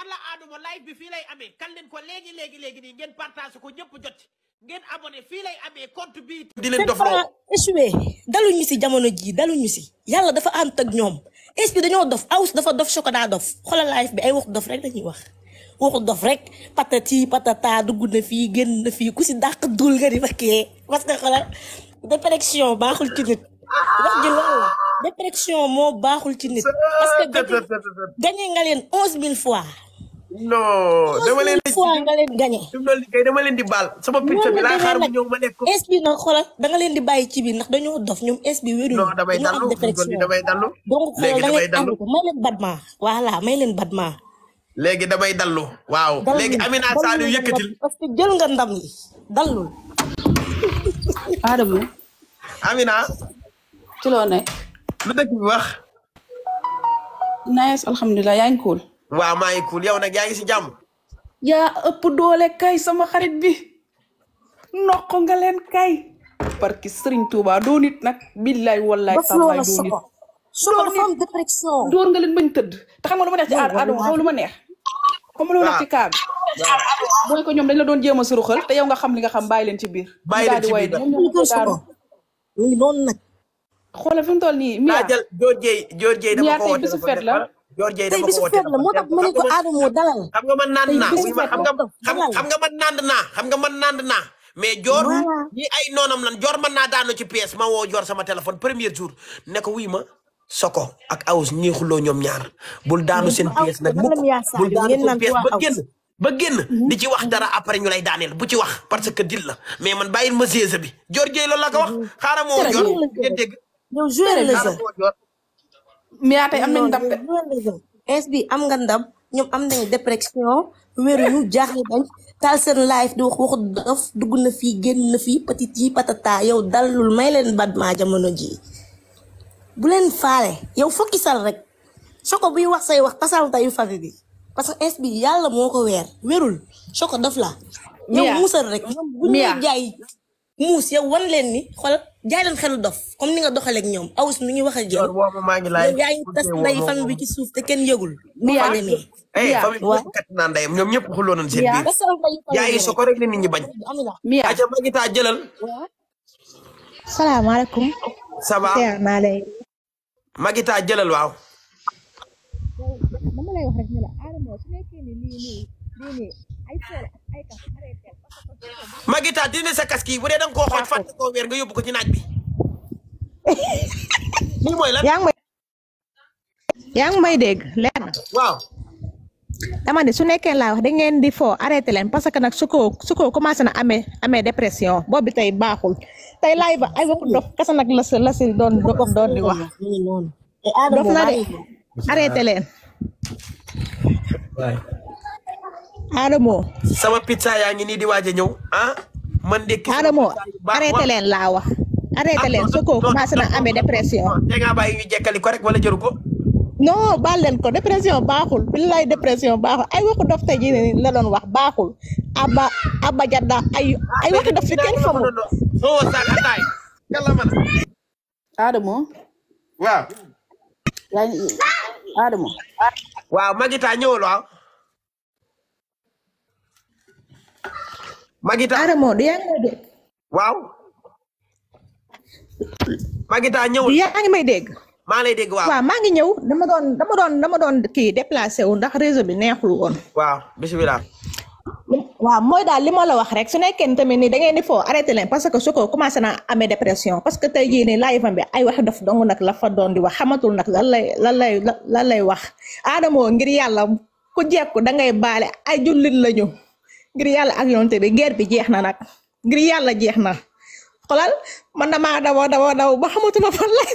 alla aaduma live bi fii lay amee kan leen ko léegi léegi léegi nii ngeen partage ko ñëpp jot ngeen abonné fii lay amee compte bi di leen dof loo échoué daluñu si jamono jii daluñu si yàlla dafa ànd ak ñoom es bi dañoo dof aus dafa dof chocolat dof xoolal live bi ay waxu dof rek dañuy wax waxu dof rek patati patata dugg na fii génn na fii ku si dàq dul nga di fakkee parce que xoolal dépression baaxul ci nit wax ji loolu la dépression moo baaxul ci nit parce que gañe nga leen onze mille fois non dama leen leen di baal sama pizza bi laa xaar mu ñëw ma lekk leen di bàyyi ci ndax dañoo dof ñoom es bi wéru. non damay dallu damay dallu donc xoolal da ngay ànd ko may may leen badma. léegi damay dallu waaw léegi Amina Saliou parce que jël nga ndam yi dallul. Adama. Amina. ci loo nekk. wax. naaj alhamdulilah yaa ngi waaw maa ngi cool yow nag yaa ngi si jàmm. yaa ëpp doole kay sama xarit bi noq nga leen kay. parce que Serigne Touba doo nit nag. billaay wallaay tàllaay doo nit sukar femme dépression dóor nga leen bañ tëdd te xam lu ma neex ci aad Adama lu ma neex. comme lu ma neex ci kaa bi. mooy ko ñoom dañ la doon jéem a suruxal te yow nga xam li nga xam bàyyi leen ci biir. bàyyi leen ci biir daal di waay noonu nag. xoolal fi mu toll nii. ah jël Dior Dieye Dior Dieye dama la Dior Dieye dafa ko woote moo tax ma ne ko Adamo dalal xam nga man nand naa xam nga man nand naa xam nga man nand naa mais Dior ñi ay noonam lan Dior mën naa daan ci pièce ma woo Dior sama téléphone premier jour ne ko wuy ma Soko ak Awus ñii xuloo ñoom ñaar bul daanu seen pièce nag mukk bul daanu seen pièce ba génn ba génn mm-hmm. di ci wax dara après ñu lay daaneel bu ci wax parce que dil la mais man bàyyil ma séese bi Dior Dieye loolu la ko wax mm-hmm. xaaral moo Dior ngeen dégg Mia tey am nañ ndam de. es bi am nga ndam ñoom am nañ dépression wéruñu jaaxle dañ taal seen live di wax waxu dof dugg na fi génn na fii petit yi patata yow dalul may leen bad maa jamono ji bu leen faale yow fokkisal rek soko buy wax say wax tasal tayu famille bi parce que es yàlla moo ko weer wérul soko dof la yow muusal rek bu ñuy jaay muus yow wan leen ni xoolal jaay leen xelu dof comme ni nga doxaleeg ñoom awus mi ngi wax ak yow. maa ngi laaj yaa ngi tas nday fan bi ci suuf te kenn yëgul. bu fa demee. Eh, Mia kat naa ndeyam ñoom ñëpp xuloo nañ seen biir. yaa ngi soko rek la nit ñi bañ. Mia aja maa ngi taa jëlal. salaamaaleykum. ça va tey naa lay. maa ngi jëlal waaw. Maguita dina sa casque yi bu dee da nga yóbbu ko ci naaj bi. lii mooy yaa ngi may. dégg leer na. waaw. dama ne su nekkee laa wax da ngeen di foo arrêté leen parce que nag su ko su ko commencé na amee amee dépression boobu tey baaxul tey laay ba ay waxu dof kasa nag la si doon doon di wax. dof na de arrêté leen. Adamo sama pizza yaa ngi nii di waaj ñëw a ah? man de. Adamo arrêté leen laa wax. arrêté leen su ko commencé na amee dépression. da ngaa ñu jekkali rek wala jëru ko. baal leen ko dépression baaxul billaay dépression baaxul ay waxu ji tey jii la doon wax baaxul aba aba jadda ay ay waxu dof fi kenn xamul. soo saag ataay Adamo. waaw. yaa ñëwul waaw. Magita Adamo du yaa ngi may dégg. waaw. Magita ñëwul yaa may dégg. maa lay dégg waaw maa ngi ñëw dama doon dama doon dama doon kii déplacé wu ndax réseau bi neexul woon. waaw bisimilah. waaw mooy daal li ma la wax rek su nekkee tamit nii da di foo arrêté leen parce que su ko commencé naa amee dépression parce que tey jii nii live bi ay wax daf dong nag la fa doon di wax xamatul nag lan lay lan lay lan lay wax Adamo ngir yàlla ku jekku da ngay baale ay jullit lañu. ngir yàlla ak yonte bi guerre bi jeex na nag ngir yàlla jeex na xolal man ma daw daw daw ba xamatuma fan lay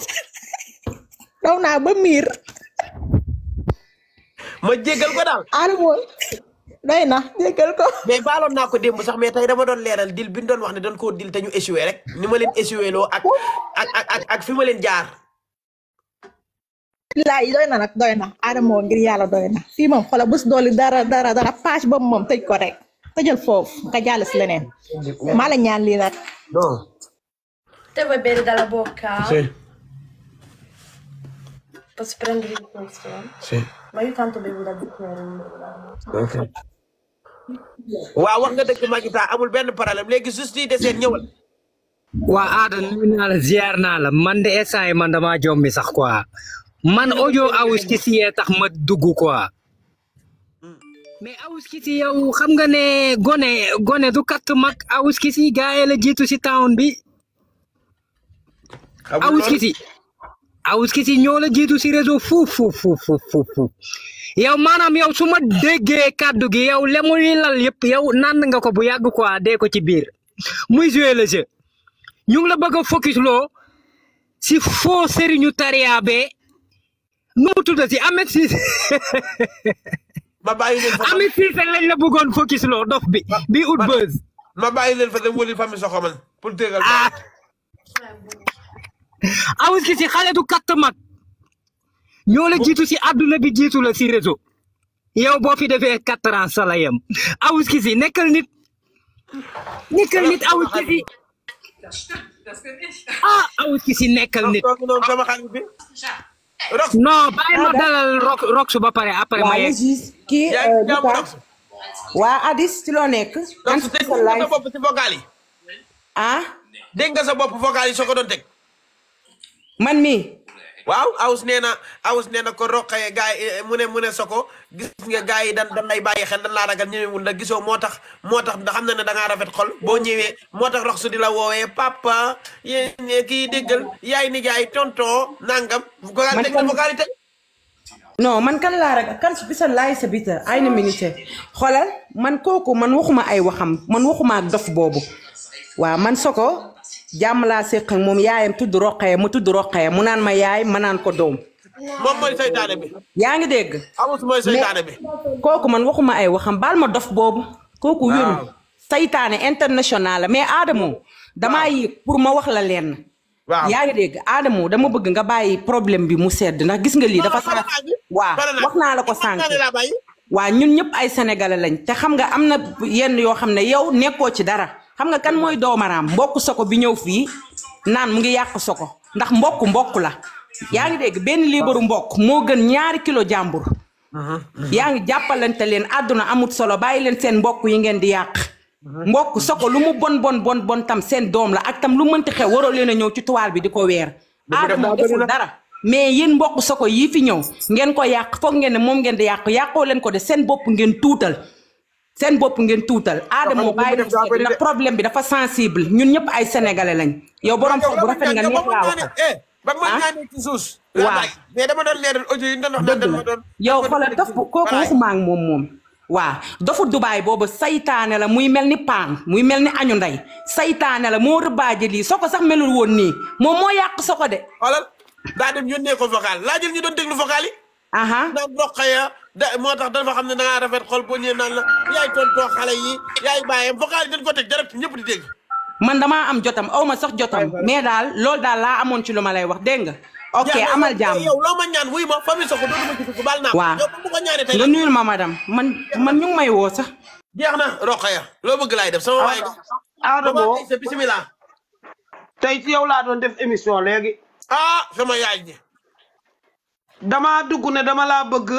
daw naa ba miir. ma jéggal ko daal. allo. doy na jéggal ko. mais baaloon naa ko démb sax mais tey dama doon leeral dil bi ñu doon wax ne doon koo dil te ñu rek ni ma leen échoué loo ak ak ma leen jaar. laay doy na nag na Adamo ngir yàlla doy na fii moom xoolal bés dooli dara dara dara page ba moom tëj ko rek. tëjal foofu nga jàll si leneen maa la ñaan lii nag. Deve bere dalla bocca? Sì. Posso Ma io nga dëgg Maguita amul benn problème léegi juste yi deseen ñëwal. waa Ada nuyu naa la ziar naa la man de instant yi man sax quoi man audio awus ci tax ma dugg quoi. mais Awouskisi yow xam nga ne gone gone du katt mag Awouskisi gars yi la jiitu si town bi. Awouskisi Awouskisi ñoo la jiitu si réseau fuuf fuuf fuuf fuuf yow maanaam yow su ma déggee kàddu gi yow lemu yi lal yëpp yow naan nga ko bu yàgg quoi dee ko ci biir muy joué le jeu ñu ngi la bëgg a focus loo si foo sëriñu tariyaa be si mu tuddati Ahmed ma bàyyi leen fa Ami Cissé lañ la bëggoon focus loo dof bi bi ut buzz. bàyyi leen fa dem wëli famille soxo man pour tégal ah awus ki si du katt mag ñoo la jiitu si àdduna bi jiitu la si réseau yow boo fi defee quatre ans sala yem awus ki si nit nekkal nit awus ki si ah! awus ki si nit rox non bàyyi dalal rox ba pare après. ma yegg kii Luka euh, waa Adis ci loo nekk. donc dégg nga sa bopp si vocal yi. ah. dégg nga bopp vocal yi soo man mii. waaw aws nee na aws nee na ko roqee gars yi eh, mu ne mu ne soko gis nga gars yi dan dan lay bàyyi xel dan laa ragal ñëwewul la gisoo moo tax moo tax xam na ne da rafet xol boo ñëwee moo tax rox su di la woowee papa yéen kii déggal yaay nijaay tontoo nangam vocalité non man kan laa rek kan su bisal laay sa biita ay na se xoolal man kooku man waxuma ay waxam man waxuma ak dof boobu waaw man soko jàmm laa séq moom yaayam tudd roqee ma tudd roqee mu naan ma yaay ma naan ko doom. yaa ngi dégg. amut mooy seytaane bi. kooku man waxuma ay waxam baal ma dof boobu. kooku wéru seytaane international mais Adamo. damaa yëg pour ma wax la leen waaw yaa ngi dégg Adamo dama bëgg nga bàyyi problème bi mu sedd ndax gis nga lii dafa. sara waa wax naa la ko sànq. waa ñun ñëpp ay sénégalais lañ te xam nga am na yenn yoo xam ne yow nekkoo ci dara. xam nga kan mooy doomaraam mbokk soko bi ñëw fii naan mu ngi yàq soko ndax mbokk mbokk la yaa ngi dégg benn libaru mbokk moo gën ñaari kilo jàmbur yaa ngi jàppalante leen àdduna amut solo bàyyi leen seen mbokk yi ngeen di yàq mbokk soko lu mu bon bon bon bon tam seen doom la ak tam lu mënti xew waroo leen a ñëw ci tuwaal bi di ko weer aadama deful dara mais yéen mbokk soko yii fi ñëw ngeen ko yàq foog ngeen ne moom ngeen di yàq yàqoo leen ko de seen bopp ngeen tuutal seen bopp ngeen tuutal aadama bàyyi def problème bi dafa sensible ñun ñëpp ay sénégalais lañ yow borom sax bu rafet nga neex laa waxal ba ma eh, ah? ñaanee ci suus waaw mais dama doon leeral audio yi doon wax dëgg la kooku waxuma moom moom waaw dofu dubaay boobu saytaane la muy mel ni paan muy mel ni añu nday saytaane la moo rëbbaaje lii soo sax melul woon nii moom moo yàq soo de xoolal daa dem yónnee ko vocal laajal ñu doon déglu vocal naan Rokhaya da moo tax dafa xam ne da ngaa rafet xol boo ñëwee naan la yaay tontoo xale yi yaay bàyyam vocal yi dañ ko teg ñëpp di dégg. man damaa am jotam aw ma sax jotam. mais daal loolu daal laa amoon ci lu ma lay wax dégg nga. ok amal jàmm yow loo ma ñaan wuy ma famille Sokone dootuma gis ko baal naa. waaw nga nuyul ma madame man man ñu ngi may woo sax. jeex na Rokhaya loo bëgg laay def sama waay ga. Adamo bisimilah. tey ci yow laa doon def émission léegi. ah sama yaay ji. damaa dugg ne dama laa bëgg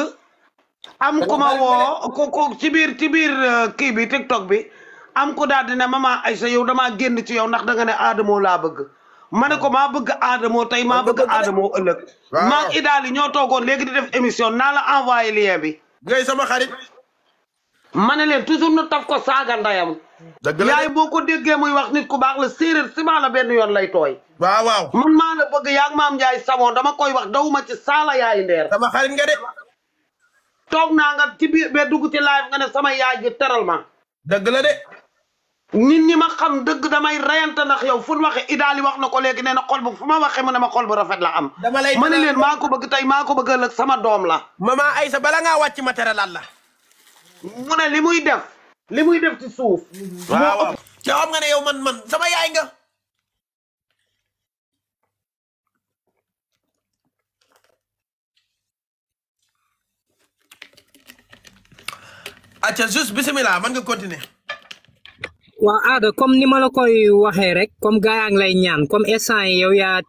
am ku ma woo ko ko ci biir ci biir uh, kii bi tiktok bi am ku daal di ne maman Aïcha yow damaa génn ci yow ndax da ne Adamo laa bëgg ma ne ko maa bëgg Adamo tey maa bëgg Adamo ëllëg maa idaali ñoo toogoon léegi di def émission naa la envoyé lien bi ngay sama xarit ma ne leen toujours nu taf ko saaga ndayam. yaay boo ko déggee muy wax nit ku baax la séeréer si maa la benn yoon lay tooy. waaw waaw man maa la bëgg yaa maam Ndiaye Savon dama koy wax dawuma ci saala yaay ndeer. dama xarit nga de. toog naa nga ci biir ba dugg ci live nga ne sama yaay ji teral ma. dagg la de. nit ñi ma xam dëgg damay reyante ndax yow fu ñu waxee Idaali wax na ko léegi nee na xol bu fu ma waxee mu ne ma xol bu rafet la am. dama lay ma ne leen maa ko bëgg tey maa ko bëgg ëllëg sama doom la. maman Aïssa bala ngaa wàcc ma teralal la. mu ne muy def li muy def ci suuf. waaw yow xam nga ne yow man man sama yaay nga. acca juste bisimilah man nga continuer. waaw aada comme ni ma la koy waxee rek comme gaa lay ñaan comme instant yow yaa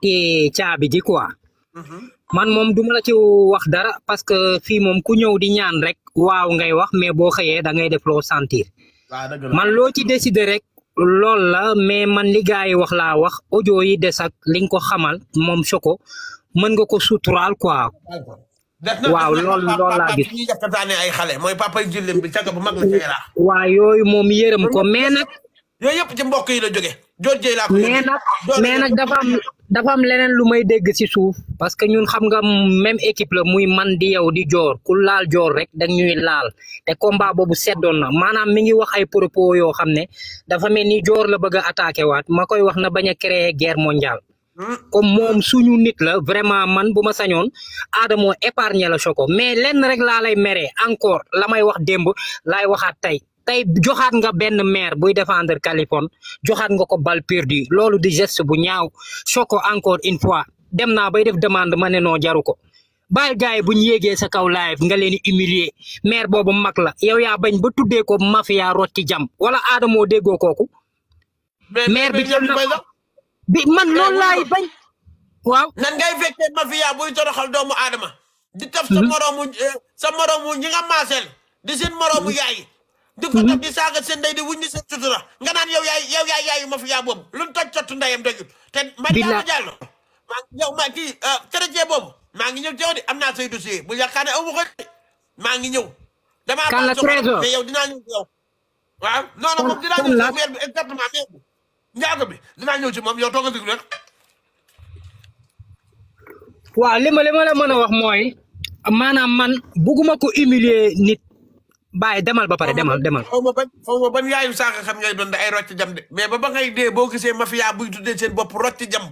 caabi ji quoi. Mhm. man moom du la ci wax dara parce que fii moom ku ñëw di ñaan rek waaw ngay wax mais boo xëyee da ngay def loo sentir man loo ci décider rek lool la mais man li gars yi wax laa wax audio yi des ak li nga ko xamal moom Choco mën nga ko suturaal quoi waaw lool lool laa gis. waaw yooyu moom yërëm ko mais nag yooyu yëpp ci mbokk yi la jóge joor jëy laa ko mais nag mais dafa am dafa am leneen lu may dégg si suuf parce que ñun xam nga même équipe la muy man di yow di joor ku laal joor rek da ñuy laal te combat boobu seddoon na maanaam mi ngi wax ay propos yoo xam ne dafa mel ni joor la bëgg a attaqué waat ma koy wax na bañ a créer guerre mondiale hmm. comme moom suñu nit la vraiment man bu ma sañoon Adamo épargné la Choco mais lenn rek laa lay meree encore la may wax démb laay waxaat tey tey joxaat nga benn maire buy défendre Kaliphone joxaat nga ko balle perdue loolu di geste bu ñaaw Choco encore une fois dem naa bay def demande ma ne noo jaru ko baal gars yi bu ñu yéegee sa kaw nga leen humilier maire boobu mag la yow yaa bañ ba tuddee ko mafia rotti jam wala aadamoo déggoo kooku. maire bi bi man loolu laay bañ. waaw nan ngay fekkee mafia buy toroxal doomu aadama. di taf sa hmm? moroomu eh, sa moroomu ñi nga maaseel di seen moroomu hmm? yaay. dafa def mm-hmm. di saaga seen ndey di wuññi seen sutura nga naan yow yaay yow yaay yaayu ma fi yaa boobu lu mu toj cottu ndeyam doyut te Mariama Diallo maa ngi yow maa kii euh, chrétien boobu maa ngi ñëw ci yow de am naa say dossier ma ko maa ngi ñëw damaa kan la dinaa ñëw ci yow waaw non non moom ñëw ci maire bi exactement maire bi njaago bi dinaa ñëw ci moom yow tooga déglu waaw li ma li ma la mën a wax mooy maanaam man bugguma ko humilier nit bàyyi demal ba pare demal demal. xaw ma ban ban yaayu saaka xam ngay doon da ay rocc jam de mais ba ba ngay dee boo gisee mafia buy tuddee seen bopp rocc jam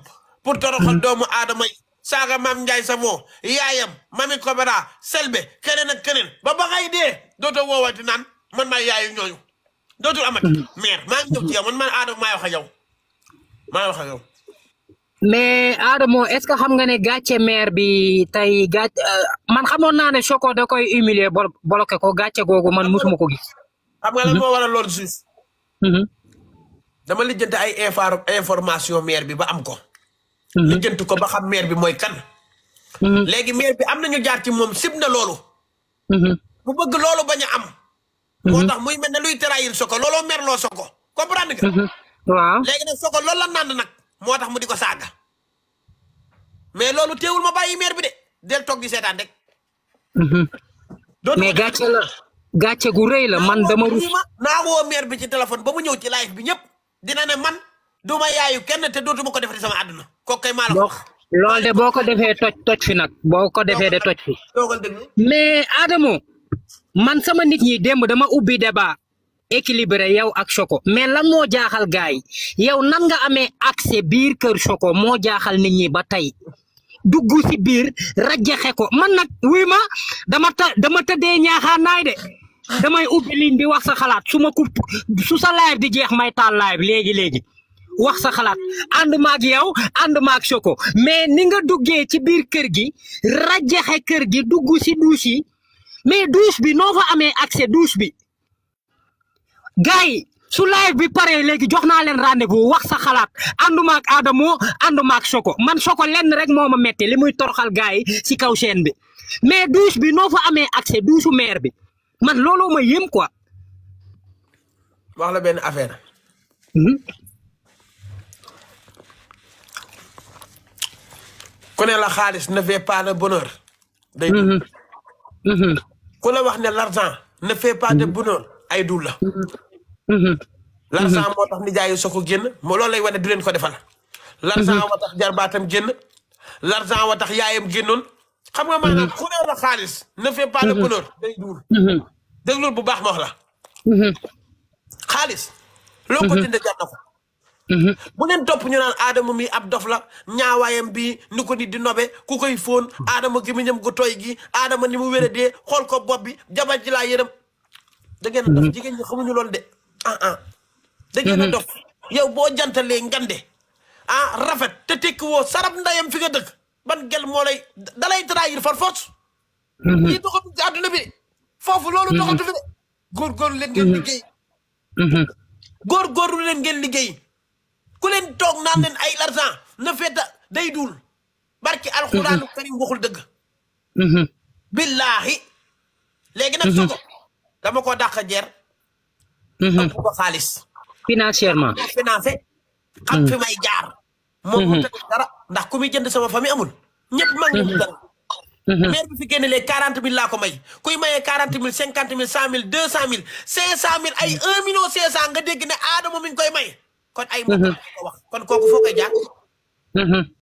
pour toroxal hmm. doomu aadama yi saaga maam Ndiaye Savon yaayam mami Kobara Selbe keneen ak keneen ba ba ngay dee dootoo woowaati naan man maa yaayu ñooñu dootul amati. maire hmm. maa ngi ñëw ci yow man maa aadama maa wax a yow maa wax ak yow. mais Adamo est-ce que xam nga ne gàcce maire bi tey gàcc euh, man xamoon naa ne Choco da koy humilier bloqué ko gàcce googu man musuma ko gis. xam nga lan moo mhm. waral loolu suuf. Mhm. dama lijjanti ay information maire bi ba am ko. Mhm. lijjanti ko ba xam bi mooy kan. léegi maire bi am na ñu jaar ci moom sib na loolu. bu bëgg loolu bañ a am. moo tax muy mel na luy trahir lolo looloo merloo Choco comprendre nga. waaw léegi nag Choco loolu la naan nag. moo tax mu di ko saaga mais loolu teewul ma bàyyi maire bi de del toog di seetaan rek. Mhm. mais gàcce la gàcce gu rëy la man dama. rus naa woo maire bi ci téléphone ba mu ñëw ci live bi ñëpp dina ne man duma yaayu kenn te dootuma ko defati sama àdduna kooku kay maa loolu de boo ko defee tooj tooj fi nag boo ko defee de toj fi mais Adamo man sama nit ñi demb dama ubbi débat équilibré yow ak Choco mais lan moo jaaxal gaay yow nan nga amee accès biir kër Choco moo jaaxal nit ñi ba tey dugg si biir rajaxe ko man nag wuy ma dama ta dama tëddee ñaaxaanaay de damay ubbi bi wax sa xalaat su ma ku su sa live di jeex may taal live léegi léegi wax sa xalaat ànd maag yow ànd maag Choco mais ni nga duggee ci biir kër gi rajaxe kër gi dugg si douche yi mais douche bi noo fa amee accès douche bi. gars yi su live bi paree léegi jox naa leen rendez-vous wax sa xalaat ànduma ak Adamo ànduma ak Choco man soko lenn rek moo ma metti li muy torxal gars yi si kaw chaîne bi mais douche bi noo fa amee accès douche maire bi man looloo ma yëm quoi. wax la benn affaire. Hmm? ku la xaalis ne fait pas le bonheur. day hmm, hmm. wax ne l'argent ne fait pas de bonheur ay dul Mhm. l'argent mhm. moo tax nijaayu soko génn moo loolu lay wane du leen ko defal l'argent wa mhm. tax jarbaatam génn l'argent wa tax yaayam génnoon xam nga maanaam xuleel la xaalis ne fait pas le bu baax ma wax la xaalis loo ko jënd jar na topp ñu naan aadama mi ab dof la ñaawaayam bi nu ko nit di nobe ku koy fóon aadama gémmiñam gu tooy gi aadama ni mu wéradee xool ko bopp bi jabar ji laa yërëm da jigéen ñi xamuñu lool de ah ah. da ngeen mhm. dof yow boo jantalee ngande ah rafet te tekki woo sarab ndayam fi nga dëkk ban gel moo lay dalay trahir far force. Mhm. lii doxatu ci àdduna bi foofu loolu mhm. doxatu fi de. góorgóorlu leen ngeen liggéey. góorgóorlu leen ngeen liggéey. ku leen toog naan leen ay l'argent na feta day duul barki alxuraanu karim waxul dëgg. billaahi léegi nag soko dama ko dàq jeer. ëpp mm-hmm. ko xaalis. financièrement financé. xam mm-hmm. fi may jaar. moom mu mm-hmm. dara ndax ku muy jënd sama famille amul. ñëpp mag ñu dara. maire bi fi génne lee quarante mille laa ko may kuy mayee quarante mille cinquante mille cent mille deux cent mille cinq cent mille ay un million cinq cent nga dégg ne aadama mi ngi koy may kon ay. ko wax kon kooku foo koy jaar.